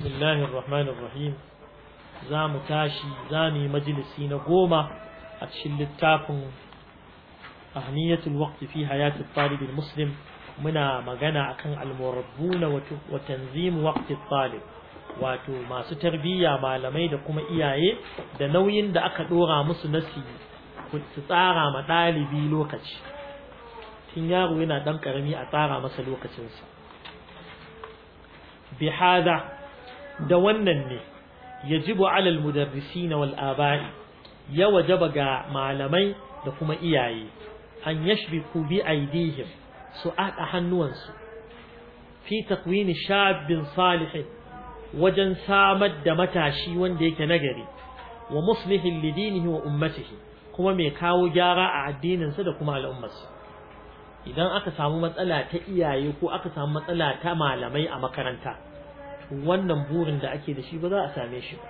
بسم الله الرحمن الرحيم زام تاشي زامي مجلسي نقوم أتشل التافن أهمية الوقت في حياة الطالب المسلم منا مغانا أكن المربون وتنظيم وقت الطالب wato masu tarbiyya malamai da kuma iyaye da nauyin da aka dora musu nasi su tsara ma ɗalibi lokaci tun yaro yana ɗan ƙarami a tsara masa lokacinsa bihada da wannan ne ji alal mudarrisi na wal'abari, ya wajaba ga malamai da kuma iyaye an yashbiku bi aidihim su aɗa hannuwansu fi takwini shabbin salihin wajen samar da matashi wanda yake nagari wa muslihin lidinihi wa ummatihi kuma mai kawo gyara a addininsa da kuma al'ummarsa idan aka samu matsala ta iyaye ko aka samu matsala ta malamai a makaranta wannan burin da ake da shi ba za a same shi ba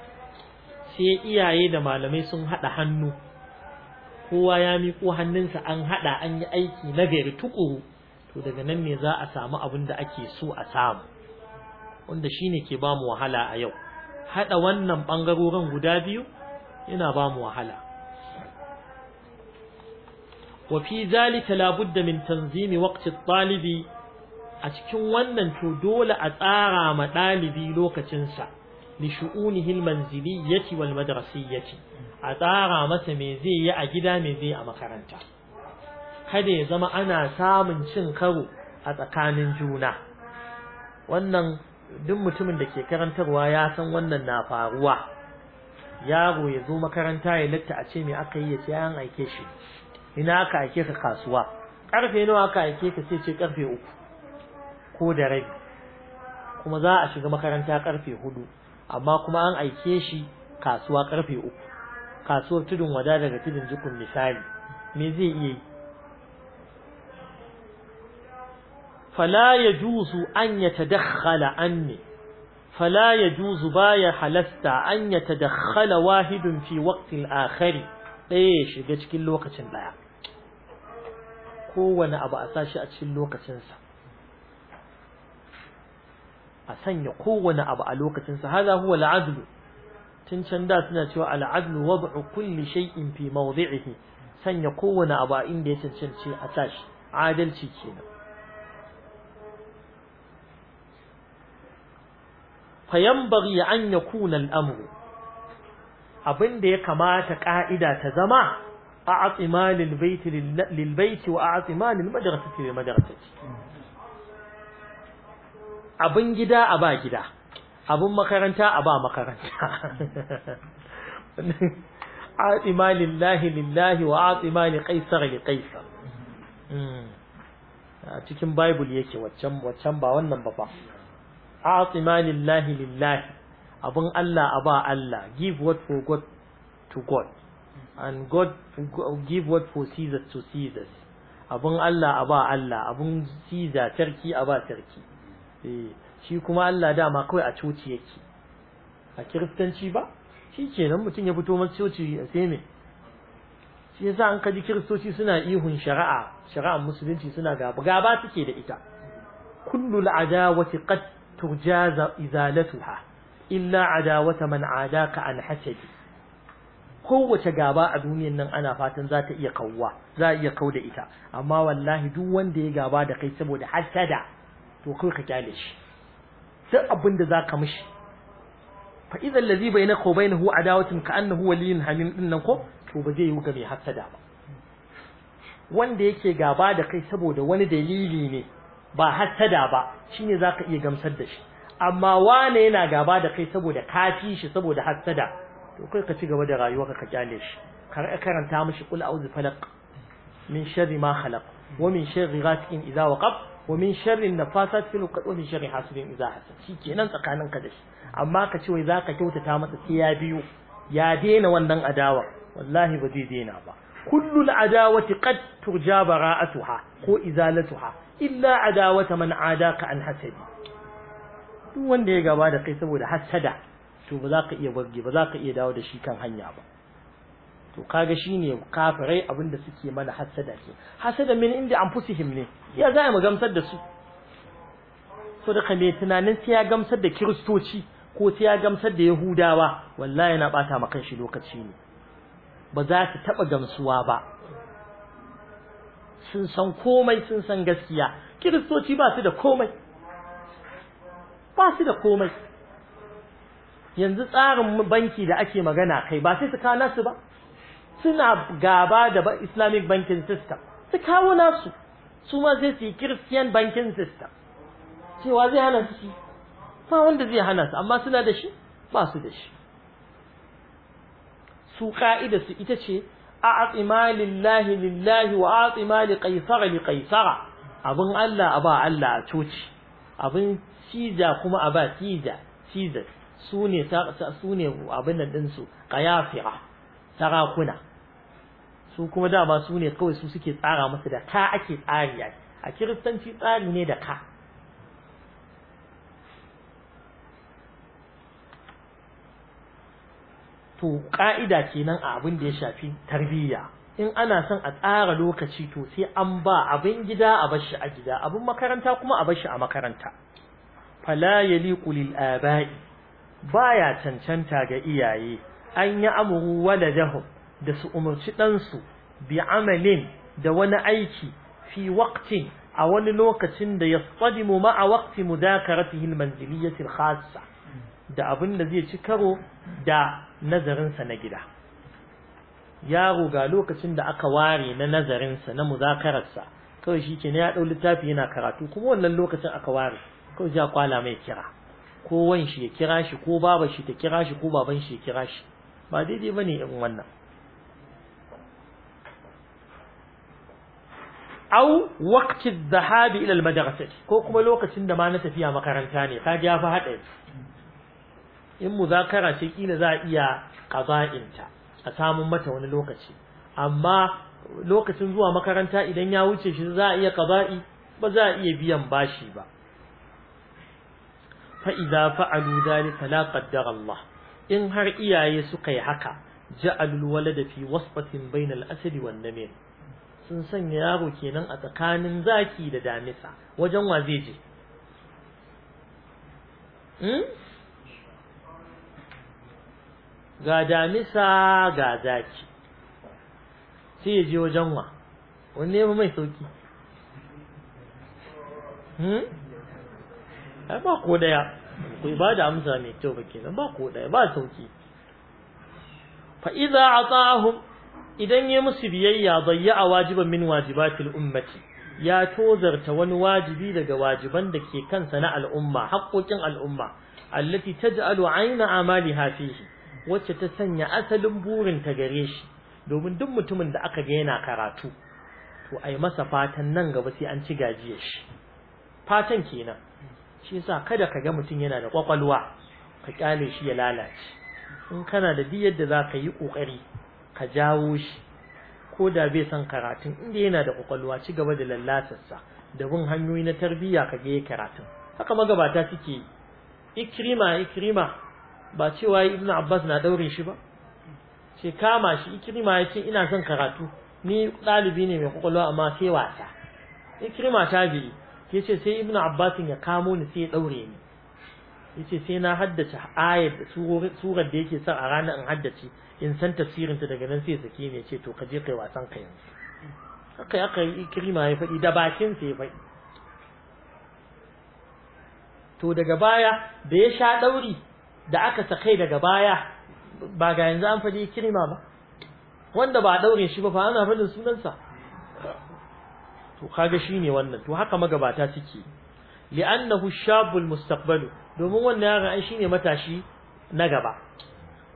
sai iyaye da malamai sun haɗa hannu kowa ya miƙo hannunsa an haɗa an yi aiki na gari tukuru to daga nan ne za a samu abin da ake so a samu wanda shine ke ba mu wahala a yau haɗa wannan ɓangarorin guda biyu yana ba mu wahala وفي ذلك لا min tanzimi waqti at-talibi a cikin wannan to dole a tsara ma ɗalibi lokacinsa li shu'unihi almanziliyyati wal madrasiyyati a tsara masa me zai yi a gida me zai a makaranta kada ya zama ana samun cin karo a tsakanin juna wannan duk mutumin da ke karantarwa ya san wannan na faruwa yaro ya zo makaranta ya latta a ce me aka yi ya ce an aike shi ina aka aike ka kasuwa karfe nawa aka aike ka sai ce karfe uku ko da rabi kuma za a shiga makaranta karfe hudu amma kuma an aike shi kasuwa karfe uku kasuwar tudun wada daga tudun jikun misali me zai iya yi fala ya juzu an ya tadakhala anni fala ya juzu baya halasta an ya tadakhala wahidun fi waqtil akhari ɗaya ya shiga cikin lokacin ɗaya kowane abu a sashi a cikin lokacinsa a sanya kowane abu a lokacin sa hada huwa al-adl tun can da suna cewa al-adl wad'u kulli shay'in fi mawdi'ihi sanya kowane abu a inda ya cancanci a tashi adalci kenan fayanbaghi an yakuna al-amru abin da ya kamata ka'ida ta zama a'timalil bayti lil bayti wa a'timalil madrasati lil madrasati abin gida a ba gida abin makaranta a ba makaranta atima lillahi lillahi wa atima li qaisar li qaisar hmm. a cikin bible yake waccan waccan ba wannan ba ba. fa atima lillahi lillahi abin Allah a ba Allah give what for God to God and God give what for Caesar to Caesar abin Allah a ba Allah abin Caesar sarki a ba sarki Eh, shi kuma Allah dama kawai a coci yake a kiristanci ba shi kenan mutum ya fito masu coci a sai shi yasa an kaji kiristoci suna ihun shari'a shari'ar musulunci suna gaba gaba suke da ita kullu al'adawati qad turjaza izalatuha illa adawata man adaka an hasadi kowace gaba a duniyan nan ana fatan za ta iya kawwa za a iya kau da ita amma wallahi duk wanda ya gaba da kai saboda hasada to kai ka kyale shi duk abin da zaka mishi bai na kobai na wa bainahu adawatun ka annahu waliyun hamim din nan ko to ba zai yi ga mai hasada ba wanda yake gaba da kai saboda wani dalili ne ba hasada ba shine zaka iya gamsar da shi amma wane yana gaba da kai saboda kafi shi saboda hasada to kai ka ci gaba da rayuwa ka kyale shi kar karanta mishi qul a'udhu falaq min sharri ma khalaq wa min sharri ghasiqin idha waqab wa min sharri nafasat fil uqad wa min sharri hasidin idza shikenan tsakanin ka da shi amma ka ce wai zaka kyautata masa sai ya biyo. ya daina wannan adawa wallahi ba zai daina ba kullul adawati qad turja bara'atuha ko izalatuha illa adawata man adaka an hasadi duk wanda ya gaba da kai saboda hasada to ba za ka iya barge ba za ka iya dawo da shi kan hanya ba to kaga shine kafirai abinda suke mana hasada ke hasada min inda anfusihim ne ya za mu gamsar da su so da kame tunanin sai ya gamsar da kiristoci ko sai ya gamsar da yahudawa wallahi yana bata maka shi lokaci ne ba za ta taba gamsuwa ba sun san komai sun san gaskiya kiristoci ba su da komai ba su da komai yanzu tsarin banki da ake magana kai ba sai su kana su ba suna gaba da islamic banking system su kawo nasu su ma zai su yi christian banking system cewa zai hana su ba wanda zai hana su amma suna da shi ba su da shi su ka'ida su ita ce a atsima lillahi lillahi wa atsima li kaisara li kaisara abin Allah a ba Allah a coci abin Caesar kuma a ba Caesar Caesar su ne abin nan ɗinsu ƙayafira sarakuna su kuma dama su ne kawai su suke tsara masa da ka ake tsari a kiristanci tsari ne da ka to ka'ida kenan a abin da ya shafi tarbiyya in ana son a tsara lokaci to sai an ba abin gida a bashi a gida abin makaranta kuma a bashi a makaranta fala yali kulil aba'i baya cancanta ga iyaye an ya amuru waladahum da su umarci ɗansu bi amalin da wani aiki fi waqtin a wani lokacin da ya yasqadimu ma'a waqti mudakaratihi almanziliyyati alkhassa da abin da zai ci karo da nazarinsa na gida yaro ga lokacin da aka ware na nazarinsa na muzakararsa kawai shi ke na ya ɗau littafi yana karatu kuma wannan lokacin aka ware kawai ja kwala mai kira ko wan shi ya kira shi ko baba shi ta kira shi ko baban shi ya kira shi ba daidai bane irin wannan au waqti dhahabi ila al ko kuma lokacin da ma na tafiya makaranta ne kaji ya fi hada in muzakara ce kila za iya qaza'inta a samun mata wani lokaci amma lokacin zuwa makaranta idan ya wuce shi za iya qaza'i ba za iya biyan bashi ba fa idza fa'alu dhalika la qaddara Allah in har iyaye suka yi haka ja'alul walada fi wasfatin bainal asadi wan namir sun sanya yaro kenan a tsakanin zaki da damisa wajen wa zai je hmm? ga damisa ga zaki sai ya je wajen wa wanne ya mai sauki hmm? ba ko daya ku ba da amsa mai kyau ba kenan ba ko daya ba sauki fa a atahum idan ya musu biyayya bayya a wajiban min wajibatil ummati ya tozarta wani wajibi daga wajiban da ke kansa na al'umma haƙoƙin al'umma allati taj'alu ayna amaliha fihi wacce ta sanya asalin burin ta gare shi domin duk mutumin da aka ga yana karatu to ai masa fatan nan gaba sai an ci gajiyar shi fatan kenan shi yasa kada ka ga mutum yana da kwakwalwa ka kyale shi ya lalace in kana da biyar da za ka yi ƙoƙari. ka jawo shi ko da bai san karatun inda yana da kwakwalwa ci gaba da lallatarsa da bin hanyoyi na tarbiyya ka ga karatun haka magabata suke ikrima ikrima ba cewa ibnu abbas na daure shi ba ce kama shi ikirima ya ce ina son karatu ni dalibi ne mai kwakwalwa amma sai wasa ikrima ta bi ce sai ibnu abbas ya kamo ni sai ya daure ni yace sai na haddace ayat surar da yake son a ranar in haddace in san tafsirin ta daga nan sai sake ne ce to ka je kai wasan ka yanzu haka ya kai ikrima ya faɗi da bakin sa ya faɗi to daga baya da ya sha ɗauri da aka sakai daga baya ba ga yanzu an faɗi ikrima ba wanda ba ɗaure shi ba fa ana faɗin sunansa to kaga shine wannan to haka magabata suke li'annahu shabul mustaqbalu domin wannan yaron ai shine matashi na gaba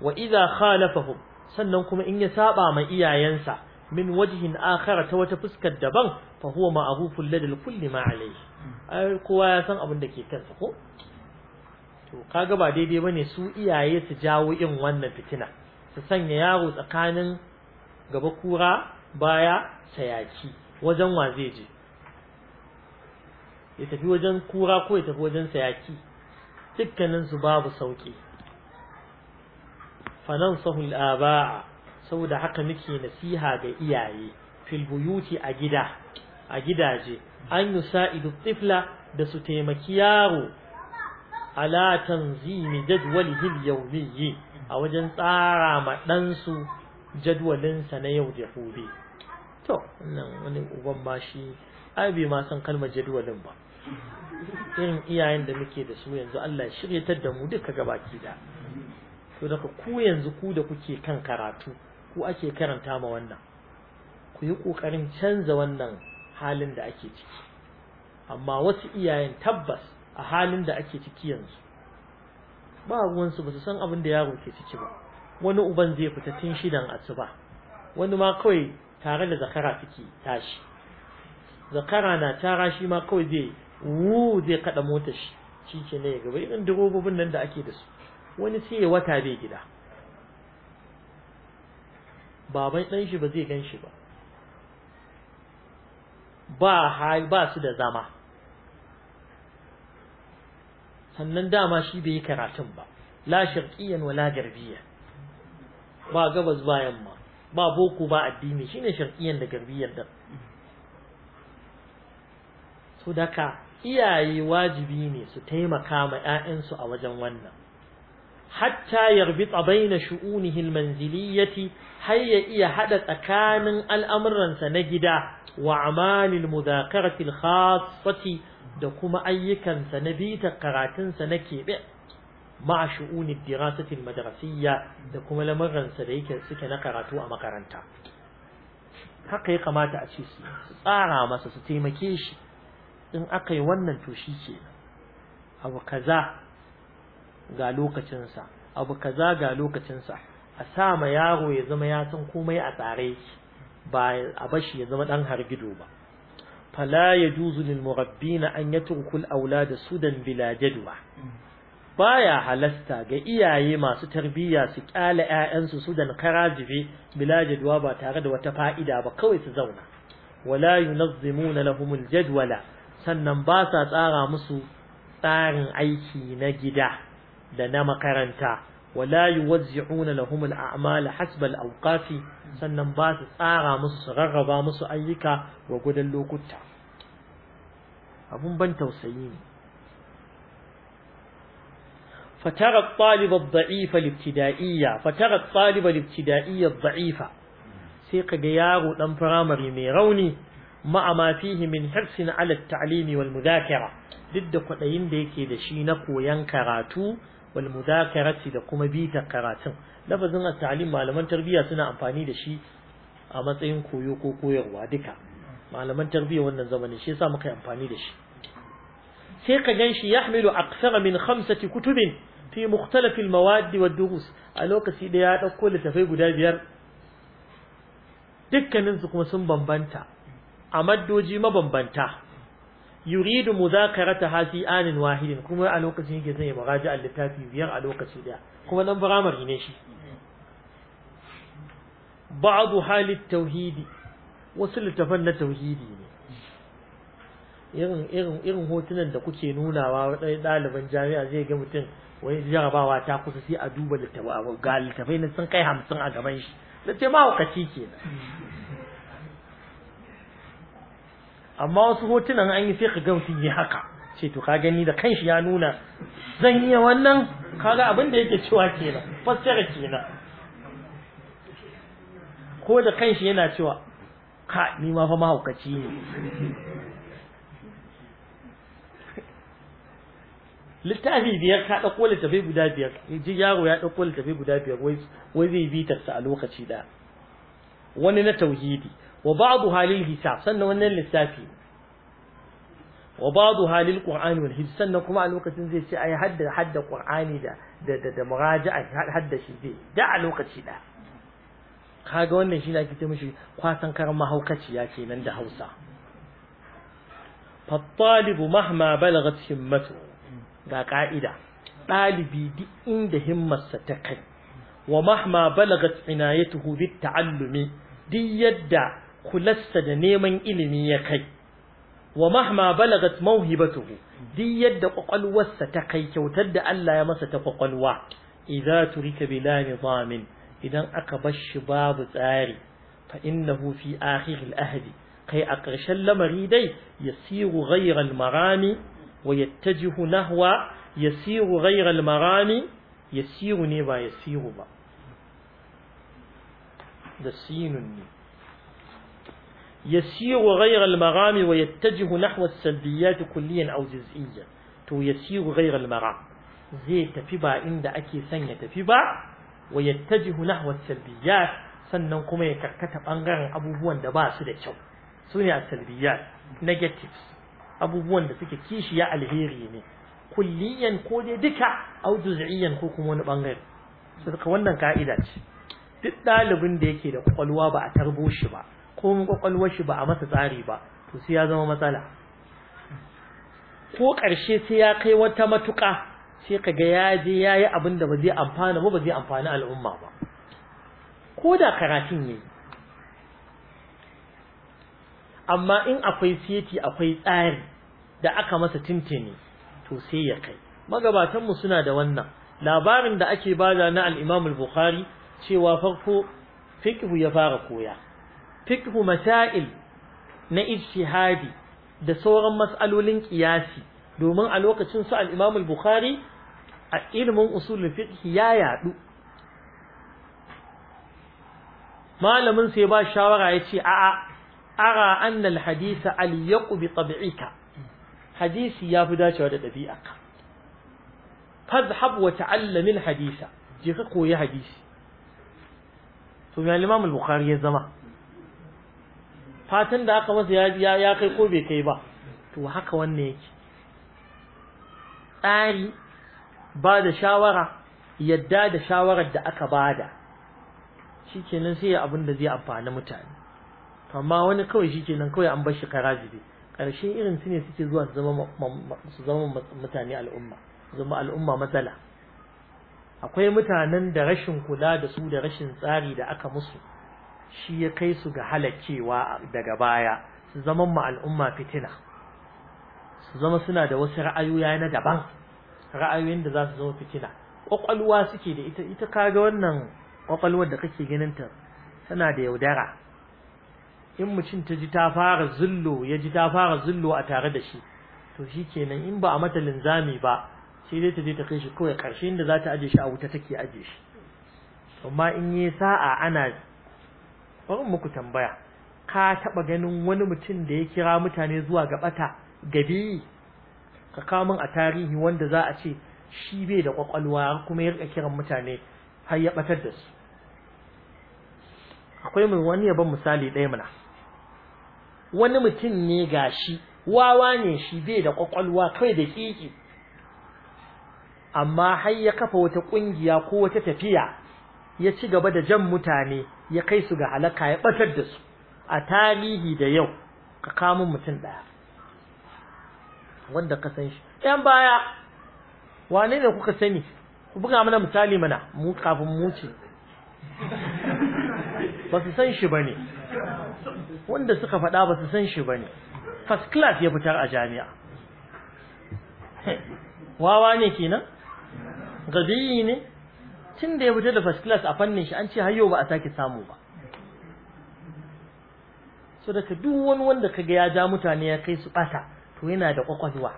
wa idza khalafahum sannan kuma in ya saba ma iyayensa min wajhin akara ta wata fuskar daban fa huwa ma'rufun ladal kulli ma alayhi kowa ya san abin da ke kansa ko to kaga ba daidai bane su iyaye su jawo in wannan fitina su sanya yaro tsakanin gaba kura baya sayaki wajen wa zai je ya tafi wajen kura ko ya tafi wajen sayaki dukkanin su babu sauki fanan sahul aba'a saboda haka muke nasiha ga iyaye fil a gida a gidaje an yusa'idu tifla da su taimaki yaro ala tanzimi jadwalihi yawmiyyi a wajen tsara ma ɗansu jadwalinsa na yau da gobe to wannan wani uban bashi, ai bai ma san kalmar jadwalin ba irin iyayen da muke da su yanzu Allah shiryatar da mu duka gabaki da to daga ku yanzu ku da kuke kan karatu ku ake karanta ma wannan ku yi kokarin canza wannan halin da ake ciki amma wasu iyayen tabbas a halin da ake ciki yanzu ba ruwan ba su san abin da yaro ke ciki ba wani uban zai fita tun shidan asuba wani ma kawai tare da zakara suke tashi zakara na tara shi ma kawai zai wu zai kada mota shi shi ce ne gaba irin durobobin nan da ake da su wani sai ya wata bai gida baban ɗan shi ba zai gan shi ba ba ba su da zama sannan dama shi bai yi karatun ba la sharqiyyan wa la ba gabas ba yamma ba boko ba addini shine sharqiyyan da garbiyan da. so daka iyaye wajibi ne su taimaka ma 'ya'yansu a wajen wannan hatta yarbita baina shu'unihi almanziliyyati har ya iya haɗa tsakanin al'amuransa na gida wa amalil mudhakarati alkhassati da kuma ayyukansa na bita karatunsa na keɓe ma'a shu'unin dirasitin madarasiyya da kuma lamuransa da yake suke na karatu a makaranta haka ya kamata a ce su tsara masa su taimake shi in aka yi wannan to shi ke abu kaza ga lokacinsa abu kaza ga lokacinsa a sa ma yaro ya zama ya san komai a tsare shi ba a bashi ya zama dan hargido ba fala yajuzu lil murabbina an yatruku aulada sudan bila jadwa baya halasta ga iyaye masu tarbiyya su kyale ƴaƴansu sudan karajibe bila jadwa ba tare da wata fa'ida ba kawai su zauna wala yunazzimuna lahumul jadwala sannan ba sa tsara musu tsarin aiki na gida da na makaranta wala yuwazzi'una lahum al'amala hasba al'awqafi sannan ba su tsara musu su rarraba musu ayyuka wa gudan lokuta abun ban tausayi ne فترى الطالب الضعيف الابتدائية فترى الطالب الابتدائية الضعيفة sai kaga yaro ɗan firamare mai rauni ma'a ma fihi min hirsin ala ta'limi wal mudhakara duk da kwaɗayin da yake da shi na koyan karatu wal mudhakarati da kuma bita karatun lafazin talim malaman tarbiyya suna amfani da shi a matsayin koyo ko koyarwa duka malaman tarbiyya wannan zamanin shi yasa muka amfani da shi sai ka ganshi yahmilu aksara min khamsati kutubin fi mukhtalaf al-mawad wa durus a lokaci da ya dauko littafai guda biyar dukkanin su kuma sun bambanta a maddoji mabambanta yuridu muzakarata rata fi anin wahidin kuma a lokacin yake zai muraja a littafi biyar a lokaci daya kuma nan firamari ne shi Ba ba'adu halit tauhidi wasu littafan na tauhidi ne irin hotunan da kuke nunawa wadai ɗaliban jami'a zai ga mutum wani jarabawa ta kusa sai a duba littafai ga littafai na sun kai hamsin a gaban shi da ce mahaukaci kenan amma wasu hotunan an yi sai ka gamsu yi haka ce to ka gani da kanshi ya nuna zan iya wannan kaga abin da yake cewa kenan fassara kenan ko da kanshi yana cewa ka ni ma fa mahaukaci ne littafi biyar ka ɗauko littafi guda biyar ji yaro ya ɗauko littafi guda biyar wai zai bitarsa sa a lokaci ɗaya wani na tauhidi wa ba'daha lil hisab sannan wannan lissafi wa ba'daha lil qur'ani wal hifz sannan kuma a lokacin zai ce ai hadda hadda qur'ani da da da muraja'a hadda shi zai da a lokaci da kaga wannan shi ake ce mishi kwasan karan mahaukaciya kenan da Hausa fa talibu mahma balagat himmatu ga ka'ida ɗalibi duk inda himmarsa ta kai wa mahma balagat inayatuhu bit ta'allumi duk yadda kulasta da neman ilimi ya kai wa mahma balagat mauhibatuhu duk yadda kwakwalwarsa ta kai kyautar da Allah ya masa ta kwakwalwa idza turika bila nizamin idan aka bar shi babu tsari fa innahu fi akhiril ahdi kai a ƙarshen lamari dai yasiru ghayral marami wa yattajihu nahwa yasiru ghayral marami yasiru ne ba yasiru ba da sinun ne yasiru ghayra al-maghami wa yattajihu nahwa kulliyan aw juz'iyyan to yasiru ghayra al zai tafi ba inda ake sanya tafi ba wa yattajihu nahwa as-salbiyat sannan kuma ya karkata ɓangaren abubuwan da ba su da kyau sune as-salbiyat negatives abubuwan da suke kishi ya alheri ne kulliyan ko dai duka aw juz'iyyan ko kuma wani bangare saboda wannan ka'ida ce duk ɗalibin da yake da kwalwa ba a tarbo shi ba ko mu kwakwalwar shi ba a masa tsari ba to sai ya zama matsala ko ƙarshe sai ya kai wata matuƙa sai ka ga ya je ya yi abin da ba zai amfana ba ba zai amfani al'umma ba ko da karatun yi. amma in akwai seti akwai tsari da aka masa tuntuni, to sai ya kai magabatanmu suna da wannan labarin da ake bada na al bukhari cewa farko fiqhu ya fara koya fikhu masail na ijtihadi da sauran mas'alolin qiyasi domin a lokacin su al-Imam al-Bukhari a ilimin usulul fiqh ya yadu malamin sai ba shawara yace a'a ara anna al-hadith al-yaqu bi tab'ika hadisi yafi dacewa da ɗabi'a. fadhhab wa ta'allam al-haditha je ka koyi hadisi to ya Imam al-Bukhari ya zama fatan da aka masa ya ya kai ko bai kai ba to haka wannan yake tsari ba da shawara yadda da shawarar da aka bada shikenan sai abin da zai amfani mutane amma wani kawai shikenan kawai an bar shi karazibi karshen irin su ne suke zuwa su zama mutane al'umma zama al'umma matsala akwai mutanen da rashin kula da su da rashin tsari da aka musu shi ya kai su ga halaccewa daga baya su zama ma al'umma fitina su zama suna da wasu ra'ayoyi na daban ra'ayoyin da za su zama fitina kwakwalwa suke da ita ita kaga wannan kwakwalwar da kake ganin ta tana da yaudara in mutum ta ji ta fara zullo ya ji ta fara zullo a tare da shi to shi kenan in ba a mata linzami ba sai dai ta je ta kai shi kawai ƙarshen da za ta aje shi a wuta take aje shi amma in yi sa'a ana bari muku tambaya ka taba ganin wani mutum da ya kira mutane zuwa ga bata gabi ka kamun a tarihi wanda za a ce shi bai da kwakwalwa kuma ya rika kiran mutane har ya batar da su akwai mai wani yaban misali ɗaya mana wani mutum ne ga shi, wawa ne shi bai da kwakwalwa kai da kiki amma har ya kafa wata ƙungiya ko wata tafiya ya ci gaba da jan mutane ya kai su ga halaka ya batar da su a tarihi da yau ka kamo mutum daya wanda ka san shi ɗan baya wane ne kuka sani ku buga mana misali mana mu kafin mu ce ba su san shi bane wanda suka faɗa ba su san shi bane first class ya fitar a jami'a wawa ne kenan gadi ne tun da ya fita da first class a fannin shi an ce har ba a sake samu ba so daga duk wani wanda kaga ya ja mutane ya kai su bata to yana da kwakwalwa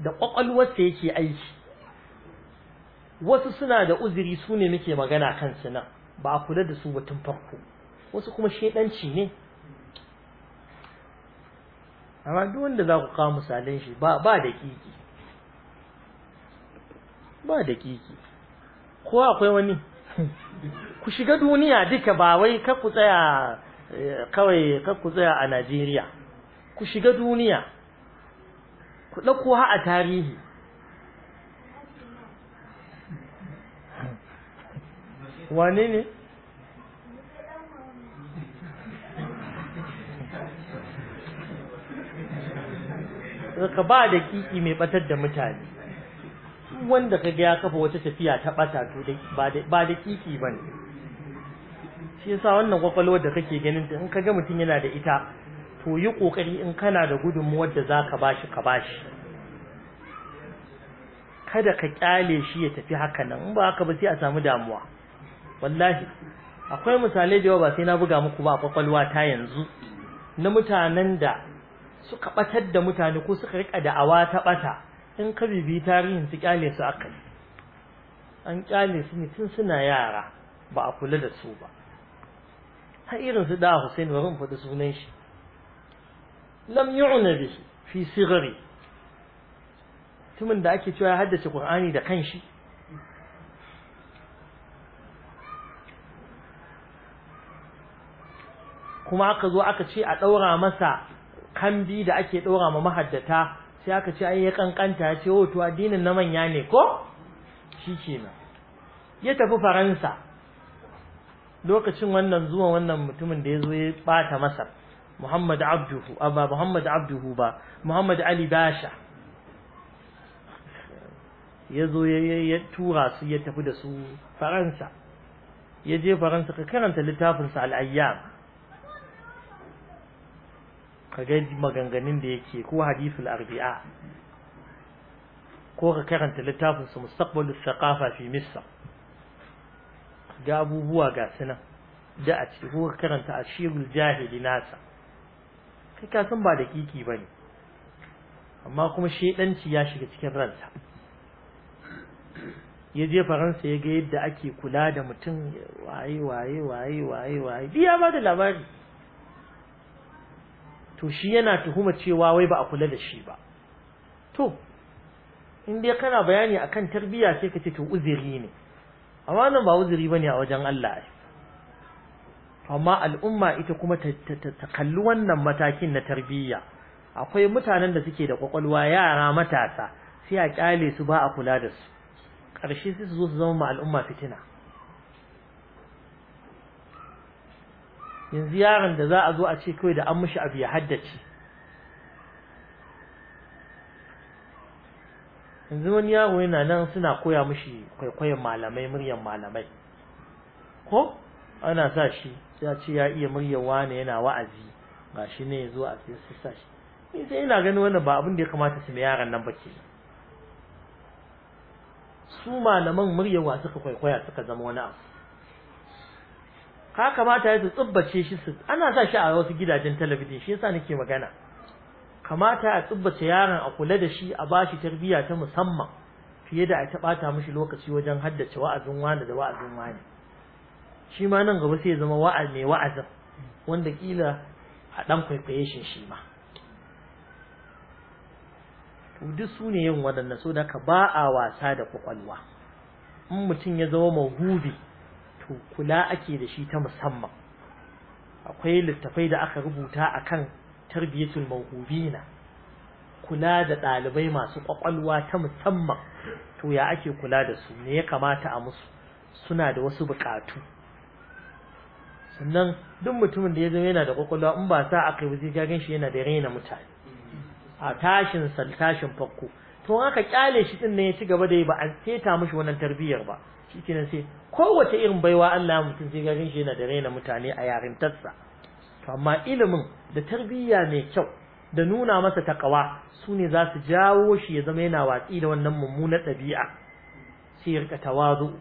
da kwakwalwar sa yake aiki wasu suna da uzuri su ne muke magana su nan ba a kula da su ba tun farko wasu kuma shedanci ne amma duk wanda za ku kawo misalan shi ba da kiki ba da kiki ko akwai wani ku shiga duniya duka ba wai ka ku tsaya eh, kawai ka ku tsaya a Najeriya ku shiga duniya ku ɗauko ha a tarihi wane ne ka ba da kiki mai batar da mutane wanda ka ga ya kafa wata tafiya ta bata to dai ba da kiki bane shi yasa wannan kwakwalwa da kake ganin ta in ka ga mutum yana da ita to yi kokari in kana da gudunmuwar da zaka bashi ka bashi kada ka kyale shi ya tafi haka nan in ba haka ba sai a samu damuwa wallahi akwai misalai da yawa ba sai na buga muku ba a kwakwalwa ta yanzu na mutanen da suka batar da mutane ko suka rika da'awa ta bata in ka bibi tarihin su kyale su aka yi an kyale su ne tun suna yara ba a kula da su ba har irin su da Hussein ba zan faɗi sunan shi lam yu'na bihi fi sigari mutumin da ake cewa ya haddace Qur'ani da kanshi kuma aka zo aka ce a ɗaura masa kambi da ake ɗaura ma mahaddata sai aka ce ai ya kankanta ya ce oh, to addinin na manya ne ko shikenan ya tafi faransa lokacin wannan zuwa wannan mutumin da ya zo ya bata masar muhammad abduhu ba muhammad abduhu ba muhammad ali basha ya zo ya tura su ya tafi da su faransa ya je faransa ka karanta littafinsa al'ayyam ka ga maganganun da yake ko hadisul arbi'a ko ka karanta littafin su mustaqbalus thaqafa fi misr Da abubuwa ga sunan da a ciki ko ka karanta ashirul jahili nasa kai ka san ba da kiki bane amma kuma shedanci ya shiga cikin ransa ya je faransa ya ga yadda ake kula da mutum waye waye waye waye waye biya ba da labari to shi yana tuhuma cewa wai ba a kula da shi ba to in dai kana bayani akan tarbiyya sai ka ce to uzuri ne amma nan ba uzuri bane a wajen Allah amma al'umma ita kuma ta kalli wannan matakin na tarbiyya akwai mutanen da suke da kwakwalwa yara matasa sai a kyale su ba a kula da su ƙarshe sai su zo su zama ma al'umma fitina yanzu yaron da za a zo a ce kawai da an mishi abu ya haddace yanzu wani yaro yana nan suna koya mishi kwaikwayon malamai muryan malamai ko ana sa shi ya ce ya iya muryan wane yana wa'azi ga shi ne zo a sai su sa shi ni sai ina gani wannan ba abin da ya kamata su mai yaran nan ba ke su malaman muryan wa suka kwaikwaya suka zama wani abu ka kamata ya tsubbace shi su ana sa shi a wasu gidajen talabijin shi yasa nake magana kamata a tsubbace yaron a kula da shi a bashi tarbiyya ta musamman fiye da a taɓata mishi lokaci wajen haddace wa'azin wani da wa'azin wani shi ma nan gaba sai ya zama wa'a mai wa'azin wanda kila a ɗan kwaikwaye shi shi ma to duk su ne yin waɗannan so da ka ba a wasa da kwakwalwa in mutum ya zama mahubi to kula ake da shi ta musamman akwai littafai da aka rubuta akan tarbiyatul mawhubina kula da ɗalibai masu ƙwaƙwalwa ta musamman to ya ake kula da su ne ya kamata a musu suna da wasu bukatu sannan duk mutumin da ya zama yana da kwakwalwa in ba sa aka yi ga gagan shi yana da raina mutane a tashin sal tashin farko to aka kyale shi din ne ya ci gaba da yi ba a seta mishi wannan tarbiyyar ba nan sai kowace irin baiwa Allah ya mutum sai garin shi yana da raina mutane a tarsa to amma ilimin da tarbiyya mai kyau da nuna masa takawa su ne za su jawo shi ya zama yana watsi da wannan mummunar ɗabi'a sai ya rika tawazu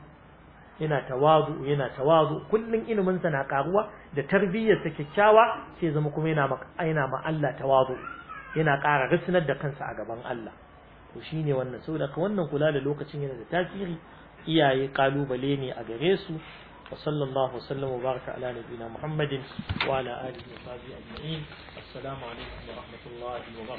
yana tawazu yana tawazu kullun ilimin sa na karuwa da tarbiyyar sa kyakkyawa sai zama kuma yana aina ma Allah tawazu yana ƙara risnar da kansa a gaban Allah to shine wannan saboda wannan kula da lokacin yana da tasiri iyaye kalubale ne a gare su wa sallallahu wasallam wa baraka ala nabiyina muhammadin wa ala alihi wa sahbihi ajma'in assalamu alaikum wa rahmatullahi wa barakatuh